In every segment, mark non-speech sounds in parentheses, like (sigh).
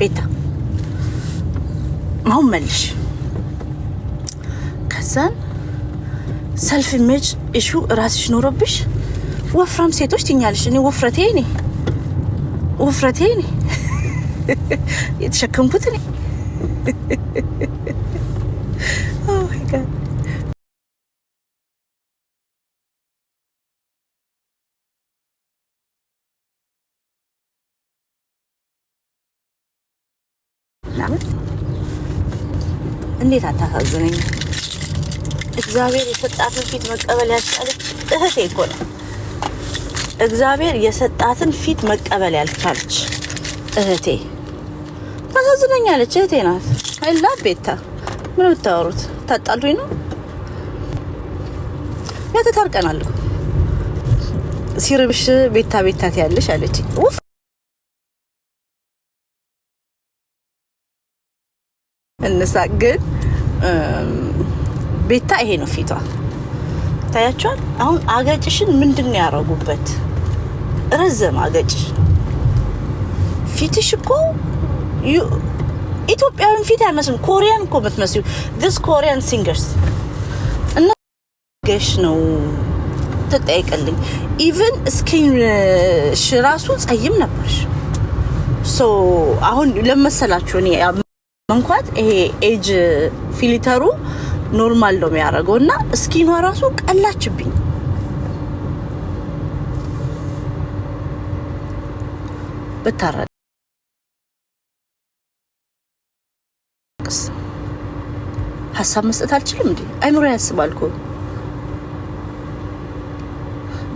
ቤታ አሁን መልሽ። ከዛን ሰልፍ ኢሜጅ እሹ ራስሽ ኖሮብሽ ወፍራም ሴቶች ትኛለሽ። እኔ ውፍረቴ እኔ ውፍረቴ እኔ (laughs) የተሸከምኩት እኔ ለምን እንዴት አታሳዝነኝ? እግዚአብሔር የሰጣትን ፊት መቀበል ያልቻለች እህቴ እኮ ነው። እግዚአብሔር የሰጣትን ፊት መቀበል ያልቻለች እህቴ ታሳዝነኛለች። እህቴ ናት። አይላ ቤታ ምን ብታወሩት ታጣሉኝ ነው ያተታርቀናል። ሲርብሽ ቤታ ቤታት ያለሽ አለች። እንሳቅ። ግን ቤታ ይሄ ነው ፊቷ ታያቸዋል። አሁን አገጭሽን ምንድን ነው ያደረጉበት? ረዘም አገጭሽ ፊትሽ እኮ ኢትዮጵያዊን ፊት አይመስልም። ኮሪያን እኮ የምትመስሉ ስ ኮሪያን ሲንገርስ እና ገሽ ነው ትጠይቅልኝ። ኢቨን እስኪንሽ ራሱ ጸይም ነበርሽ። አሁን ለመሰላችሁ እኔ መንኳት ይሄ ኤጅ ፊልተሩ ኖርማል ነው የሚያደርገው እና እስኪኗ ራሱ ቀላችብኝ። ብታረግ ሀሳብ መስጠት አልችልም እንዲ አይምሮ ያስባል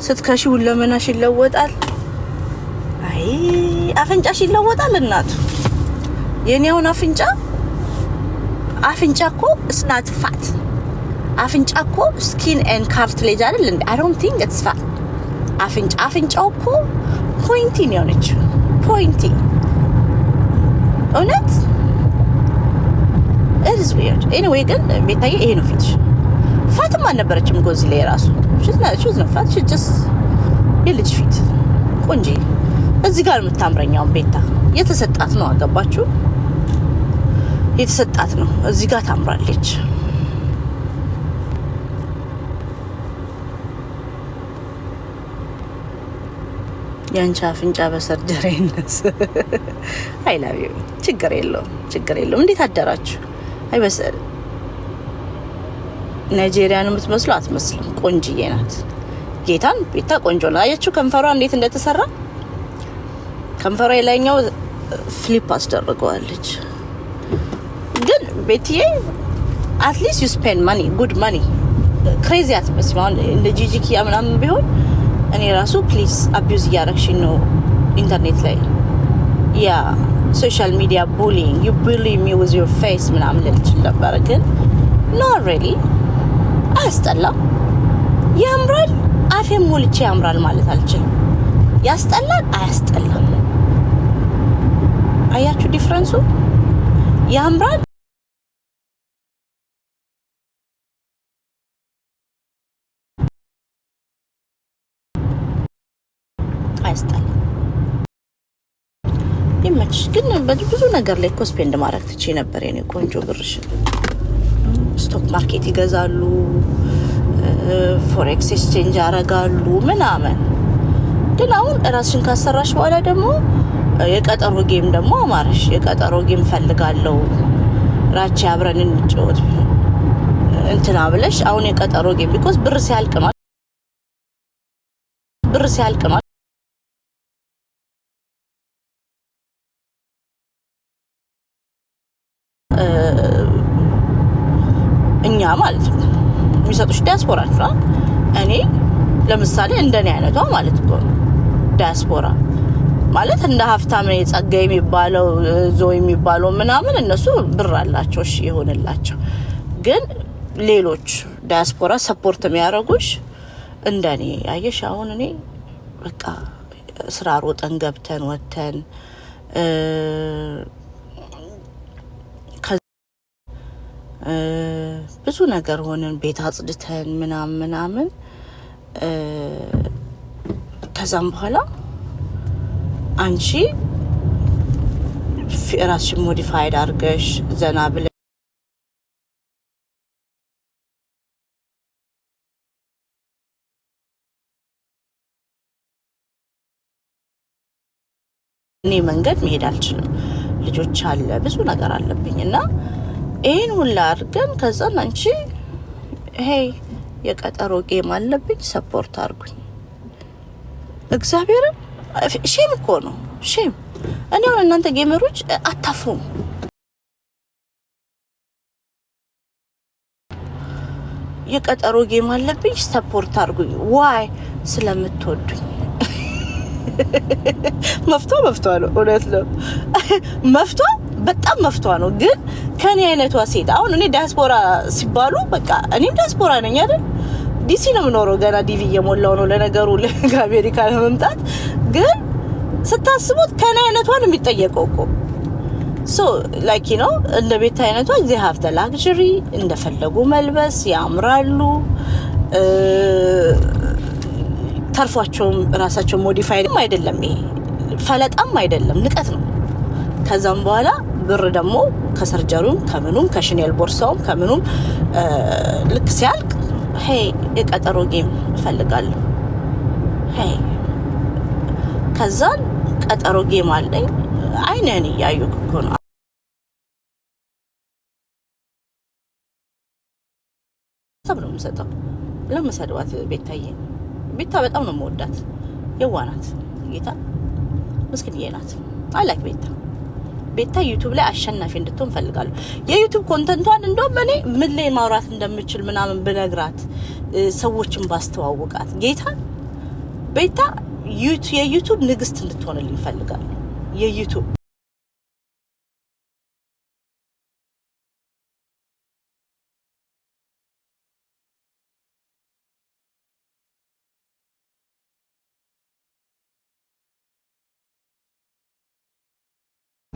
ስትከሺ ሁለመናሽ ይለወጣል። አይ አፈንጫሽ ይለወጣል እናቱ የኔ አሁን አፍንጫ አፍንጫ እኮ እስናት ፋት አፍንጫ እኮ ስኪን ኤን ካርትሌጅ አይደል እንዴ? አይ ዶንት ቲንክ ኢትስ ፋት አፍንጫ አፍንጫው እኮ ፖይንቲ ነው የሆነች ፖይንቲ። እውነት ኢትስ ዊርድ። ኤኒዌይ ግን ቤታዬ ይሄ ነው ፊትሽ። ፋትም አልነበረችም ጎዚ ላይ ራሱ ሽት ነው ፋት ሽጅስ የልጅ ፊት ቆንጂ። እዚህ ጋር የምታምረኛውን ቤታ የተሰጣት ነው። አገባችሁ? የተሰጣት ነው። እዚህ ጋር ታምራለች። የአንቺ አፍንጫ በሰርጀሪ ይነስ ዩ። ችግር የለውም፣ ችግር የለውም። እንዴት አደራችሁ? አይበሰል ናይጄሪያን የምትመስሉ አትመስልም። ቆንጅዬ ናት። ጌታን ቤታ ቆንጆ ነው። አያችሁ ከንፈሯ እንዴት እንደተሰራ ከንፈሯ የላይኛው ፍሊፕ አስደርገዋለች። ቤትዬ አትሊስት ዩ ስፔንድ ማኒ ጉድ ማኒ ክሬዚ አትመስል። አሁን እንደ ጂጂኪያ ምናምን ቢሆን እኔ ራሱ ፕሊስ አቢዩዝ እያረግሽኝ ነው ኢንተርኔት ላይ ያ ሶሻል ሚዲያ ቡሊንግ ዩ ቡሊ ሚ ዊዝ ዮር ፌስ ምናምን ልልችል ነበር፣ ግን ኖ ሬሊ አያስጠላም። ያምራል፣ አፌ ሞልቼ ያምራል ማለት አልችልም። ያስጠላል፣ አያስጠላም። አያችሁ ዲፍረንሱ? ያምራል አያስጠላም። ይመችሽ። ግን ብዙ ነገር ላይ እኮ ስፔንድ ማድረግ ትቼ ነበር። የኔ ቆንጆ ብርሽ ስቶክ ማርኬት ይገዛሉ፣ ፎሬክስ ኤክስቼንጅ ያረጋሉ ምናምን። ግን አሁን እራስሽን ካሰራሽ በኋላ ደግሞ የቀጠሮ ጌም ደግሞ አማረሽ። የቀጠሮ ጌም ፈልጋለው ራቼ አብረን እንጫወት እንትና ብለሽ አሁን የቀጠሮ ጌም ቢኮዝ ብር ሲያልቅ ነው ብር ሲያልቅ ነው ማለት ነው የሚሰጡሽ ዲያስፖራ ነው። እኔ ለምሳሌ እንደኔ አይነቷ ማለት እኮ ነው ዲያስፖራ ማለት እንደ ሀብታም ነው የጸጋ የሚባለው ዞ የሚባለው ምናምን እነሱ ብር አላቸው፣ እሺ ይሆንላቸው። ግን ሌሎች ዲያስፖራ ሰፖርት የሚያደርጉሽ እንደኔ አየሽ፣ አሁን እኔ በቃ ስራ ሮጠን ገብተን ወጥተን ብዙ ነገር ሆንን፣ ቤት አጽድተን ምናምን ምናምን። ከዛም በኋላ አንቺ ራስሽን ሞዲፋይድ አድርገሽ ዘና ብለ እኔ መንገድ መሄድ አልችልም። ልጆች አለ ብዙ ነገር አለብኝ እና ይህን ሁላ አድርገን ከዛ አንቺ ይሄ የቀጠሮ ጌም አለብኝ ሰፖርት አድርጉኝ። እግዚአብሔርም ሼም እኮ ነው ሼም። እኔ አሁን እናንተ ጌመሮች አታፍሩም። የቀጠሮ ጌም አለብኝ ሰፖርት አድርጉኝ። ዋይ ስለምትወዱኝ መፍቷ መፍቷ ነው። እውነት ነው መፍቷ በጣም መፍቷ ነው። ግን ከኔ አይነቷ ሴት አሁን እኔ ዲያስፖራ ሲባሉ በቃ እኔም ዲያስፖራ ነኝ አይደል? ዲሲ ነው የምኖረው። ገና ዲቪ እየሞላው ነው ለነገሩ (laughs) አሜሪካ ለመምጣት ግን ስታስቡት ከኔ ነው የሚጠየቀው እኮ ሶ ላይክ ነው እንደ ቤት አይነቷ ጊዜ ሀፍተ ላግዥሪ እንደፈለጉ መልበስ ያምራሉ። ተርፏቸውም ራሳቸው ሞዲፋይ አይደለም፣ ይሄ ፈለጣም አይደለም፣ ንቀት ነው። ከዛም በኋላ ብር ደግሞ ከሰርጀሩም ከምኑም ከሽኔል ቦርሳውም ከምኑም ልክ ሲያልቅ ሄይ የቀጠሮ ጌም እፈልጋለሁ። ሄይ ከዛን ቀጠሮ ጌም አለኝ። አይነን እያዩ እኮ ነው ነው የምሰጠው። ለመሰድባት ቤታዬ ቤታ በጣም ነው የምወዳት። የዋናት ጌታ ምስኪንዬ ናት። አላክ ቤታ ቤታ ዩቱብ ላይ አሸናፊ እንድትሆን ፈልጋለሁ። የዩቱብ ኮንተንቷን እንደውም እኔ ምን ላይ ማውራት እንደምችል ምናምን ብነግራት ሰዎችን ባስተዋውቃት ጌታ ቤታ የዩቱብ ንግስት እንድትሆንልኝ ፈልጋለሁ። የዩቱብ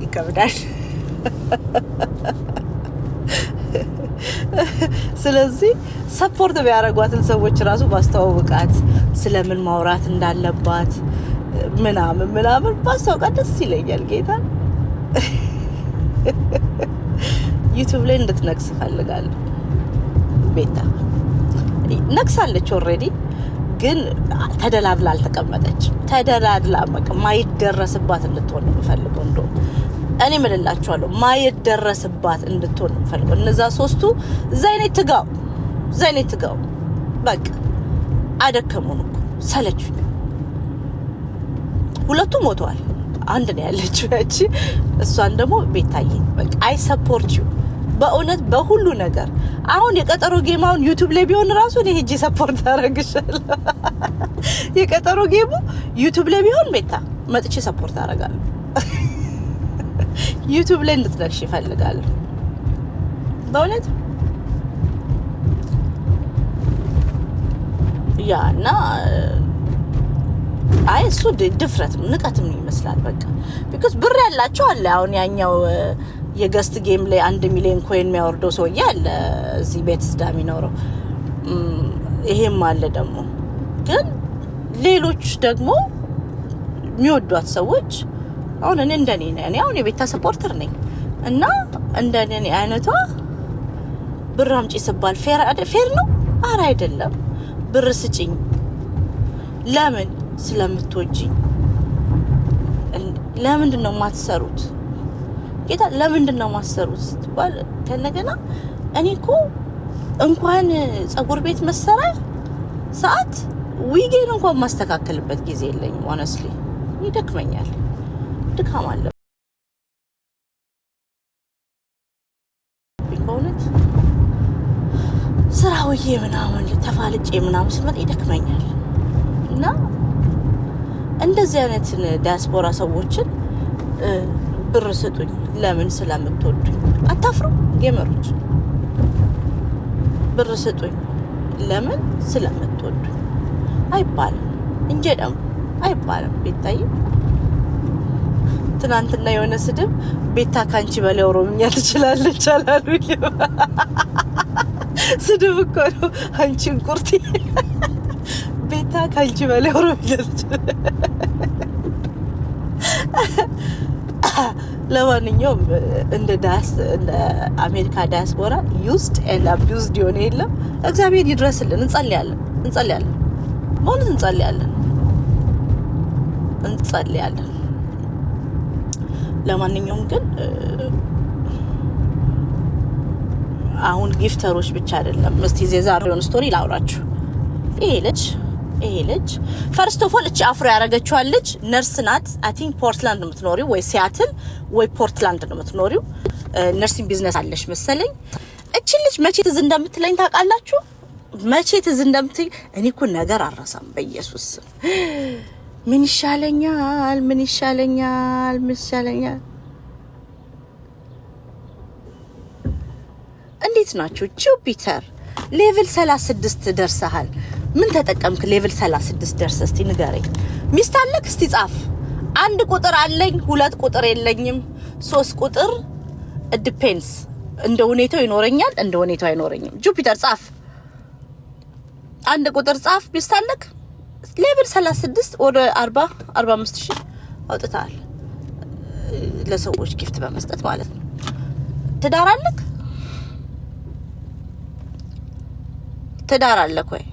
ይከብዳል። ስለዚህ ሰፖርት ቢያደርጓትን ሰዎች ራሱ ባስተዋውቃት ስለምን ማውራት እንዳለባት ምናምን ምናምን ባስታውቃት ደስ ይለኛል። ጌታ ዩቱብ ላይ እንድትነግስ እፈልጋለሁ። ቤታ ነቅሳለች ኦልሬዲ፣ ግን ተደላድላ አልተቀመጠች። ተደላድላ ማይደረስባት እንድትሆን የምፈልገው እንደውም እኔ እምልላችኋለሁ ማየት ደረስባት እንድትሆን እንፈልገው። እነዛ ሶስቱ ዘይኔ ትጋው፣ ዘይኔ ትጋው። በቃ አደከሙን እኮ ሰለች። ሁለቱ ሞተዋል። አንድ ነው ያለችው ያቺ። እሷን ደግሞ ቤታዬ በቃ አይ ሰፖርት ዩ በእውነት በሁሉ ነገር። አሁን የቀጠሮ ጌማውን አሁን ዩቲዩብ ላይ ቢሆን ራሱ እኔ ሄጄ ሰፖርት አደርግሻለሁ። (laughs) የቀጠሮ ጌሙ ዩቲዩብ ላይ ቢሆን ቤታ መጥቼ ሰፖርት አደርጋለሁ። ዩቱብ ላይ እንድትደርሽ ይፈልጋል። በእውነት ያ እና አይ እሱ ድፍረትም ንቀትም ይመስላል። በቃ ቢኮዝ ብር ያላቸው አለ። አሁን ያኛው የገስት ጌም ላይ አንድ ሚሊዮን ኮይን የሚያወርደው ሰውዬ አለ እዚህ ቤት ስዳ የሚኖረው ይሄም አለ። ደግሞ ግን ሌሎች ደግሞ የሚወዷት ሰዎች አሁን እኔ እንደኔ እኔ አሁን የቤታ ሰፖርተር ነኝ እና እንደኔ አይነቷ ብር አምጪ ስባል ፌር ፌር ነው? አረ አይደለም። ብር ስጭኝ ለምን ስለምትወጂኝ። ለምንድን ነው የማትሰሩት? ጌታ ለምንድን ነው የማትሰሩት ስትባል ከነገና እኔ እኮ እንኳን ጸጉር ቤት መሰራ ሰዓት ዊጌን እንኳን ማስተካከልበት ጊዜ የለኝም። ሆነስሊ ይደክመኛል። ድካም አለ በእውነት ስራ ውዬ ምናምን ተፋልጬ ምናምን ስመጣ ይደክመኛል። እና እንደዚህ አይነትን ዲያስፖራ ሰዎችን ብር ስጡኝ ለምን ስለምትወዱኝ አታፍሩ ጌመሮች ብር ስጡኝ ለምን ስለምትወዱኝ አይባልም እንጀ ደግሞ አይባልም ቤታዬ ትናንትና የሆነ ስድብ ቤታ ካንቺ በላይ ኦሮምኛ ትችላለች አላሉ። ስድብ እኮ ነው። አንቺ እንቁርቲ ቤታ ካንቺ በላይ ኦሮምኛ ለማንኛውም እንደ ዳስ እንደ አሜሪካ ዳያስፖራ ዩስድ ኤንድ አቢዩዝድ የሆነ የለም። እግዚአብሔር ይድረስልን፣ እንጸልያለን፣ እንጸልያለን፣ በእውነት እንጸልያለን፣ እንጸልያለን። ለማንኛውም ግን አሁን ጊፍተሮች ብቻ አይደለም። እስቲ የዛሬውን ስቶሪ ላውራችሁ። ይሄ ልጅ ይሄ ልጅ ፈርስት ኦፍ ኦል እቺ አፍሮ ያደረገችዋል ልጅ ነርስ ናት። አይ ቲንክ ፖርትላንድ ነው የምትኖሪው፣ ወይ ሲያትል ወይ ፖርትላንድ ነው የምትኖሪው። ነርሲንግ ቢዝነስ አለሽ መሰለኝ። እቺ ልጅ መቼ ትዝ እንደምትለኝ ታውቃላችሁ? መቼ ትዝ እንደምትለኝ እኔ እኮ ነገር አረሳም በኢየሱስ ምን ይሻለኛል? ምን ይሻለኛል? ምን ይሻለኛል? እንዴት ናችሁ? ጁፒተር ሌቭል 36 ደርሰሃል። ምን ተጠቀምክ? ሌቭል 36 ደርሰ እስቲ ንገረኝ። ሚስት አለክ? እስቲ ጻፍ። አንድ ቁጥር አለኝ፣ ሁለት ቁጥር የለኝም፣ ሶስት ቁጥር ዲፔንስ፣ እንደ ሁኔታው ይኖረኛል፣ እንደ ሁኔታው አይኖረኝም። ጁፒተር ጻፍ። አንድ ቁጥር ጻፍ። ሚስት አለክ? ሌብል 36 ወደ 40 45 ሺህ አውጥተሃል ለሰዎች ጊፍት በመስጠት ማለት ነው። ትዳር አለክ? ትዳር አለክ ወይ?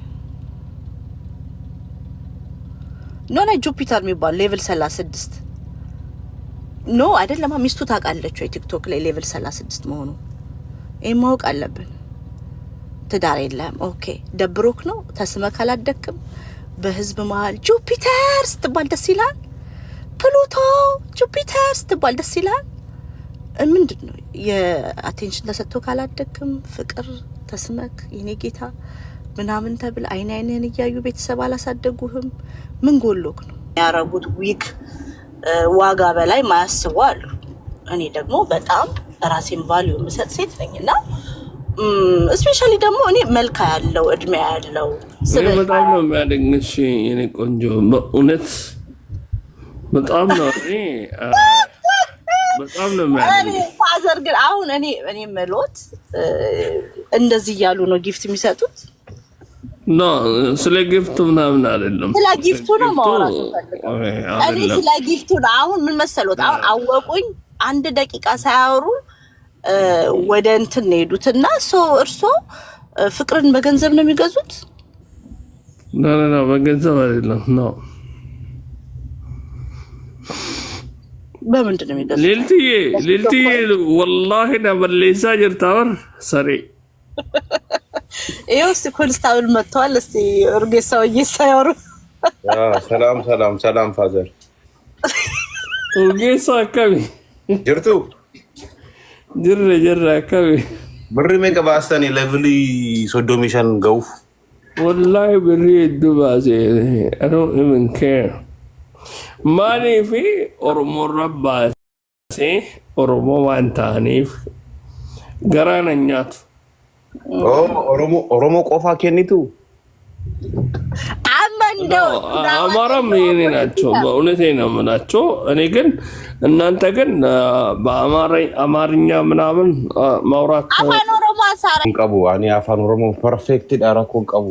ኖነ ጁፒተር የሚባል ሌቭል 36 ኖ አይደለማ። ሚስቱ ታውቃለች ወይ ቲክቶክ ላይ ሌቭል 36 መሆኑ? ይህ ማወቅ አለብን። ትዳር የለህም። ኦኬ ደብሮክ ነው ተስመህ ካላደክም በህዝብ መሀል ጁፒተር ስትባል ደስ ይላል። ፕሉቶ ጁፒተር ስትባል ደስ ይላል። ምንድን ነው የአቴንሽን ተሰጥቶ ካላደግም ፍቅር ተስመክ የኔ ጌታ ምናምን ተብል አይን አይንህን እያዩ ቤተሰብ አላሳደጉህም። ምን ጎሎክ ነው ያረጉት? ዊክ ዋጋ በላይ ማያስቡ አሉ። እኔ ደግሞ በጣም ራሴን ቫሊዩ የምሰጥ ሴት ነኝ እና እስፔሻሊ ደግሞ እኔ መልካ ያለው እድሜ ያለው በጣም ነው የሚያደንቅሽ የእኔ ቆንጆ በእውነት በጣም ነው እኔ በጣም ነው ፋዘር ግን አሁን እኔ እኔ መሎት እንደዚህ እያሉ ነው ጊፍት የሚሰጡት። ኖ ስለ ጊፍቱ ምናምን አይደለም፣ ስለ ጊፍቱ ነው ማውራት እኔ ስለ ጊፍቱ ነው። አሁን ምን መሰሎት፣ አሁን አወቁኝ አንድ ደቂቃ ሳያወሩ ወደ እንትን ነው የሄዱት እና እርሶ ፍቅርን በገንዘብ ነው የሚገዙት? በገንዘብ አይደለም ነው። ሌልትዬ ሌልትዬ ወላሂ ጀርታወር ይኸው እስኪ ኮንስታብል መጥተዋል። እስኪ ሰላም ሰላም ሰላም ፋዘር ኡርጌሳ አካባቢ ጅርቱ jirra jirra kame birri meeqa baastan levelii soddomi shan ga'uuf wallahi birri hedduu baasee i don't even care maanii fi oromorra baasee oromo waan ta'aniif garaan hin nyaatu oromo qofaa kennitu አማራም የኔ ናቸው። በእውነት ነው የምላቸው። እኔ ግን እናንተ ግን በአማርኛ ምናምን ማውራት ቀቡ እኔ አፋን ኦሮሞ ፐርፌክት ዳራ እኮ ቀቡ።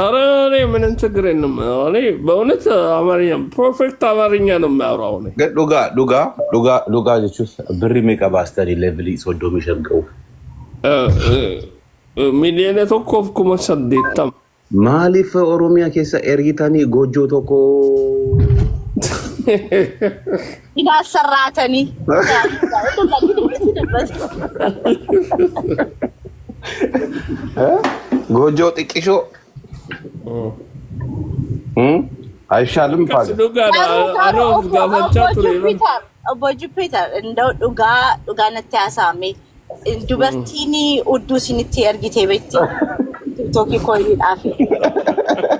ኧረ እኔ ምንም ችግር የለም። እኔ በእውነት አማርኛ ፐርፌክት አማርኛ ነው የሚያወራው። ዱጋ ዱጋ ዱጋ ዱጋ ጀቹስ ብሪ ሜቀባ አስተሪ ለብሊ ሶዶሚ ሸንቀው ሚሊየነ ቶኮ ኩመሰ Maaliif Oromiyaa keessa ergitanii ጎጆ tokko እንዳሰራተኒ ጎጆ ጥቂሾ አይሻልም? ፋጋጋቻቱበጁፒተር እንደው ዱጋ ዱጋነት ያሳሜ ዱበርቲኒ ኡዱ ሲኒቲ ergite beekti تو که کنید (laughs)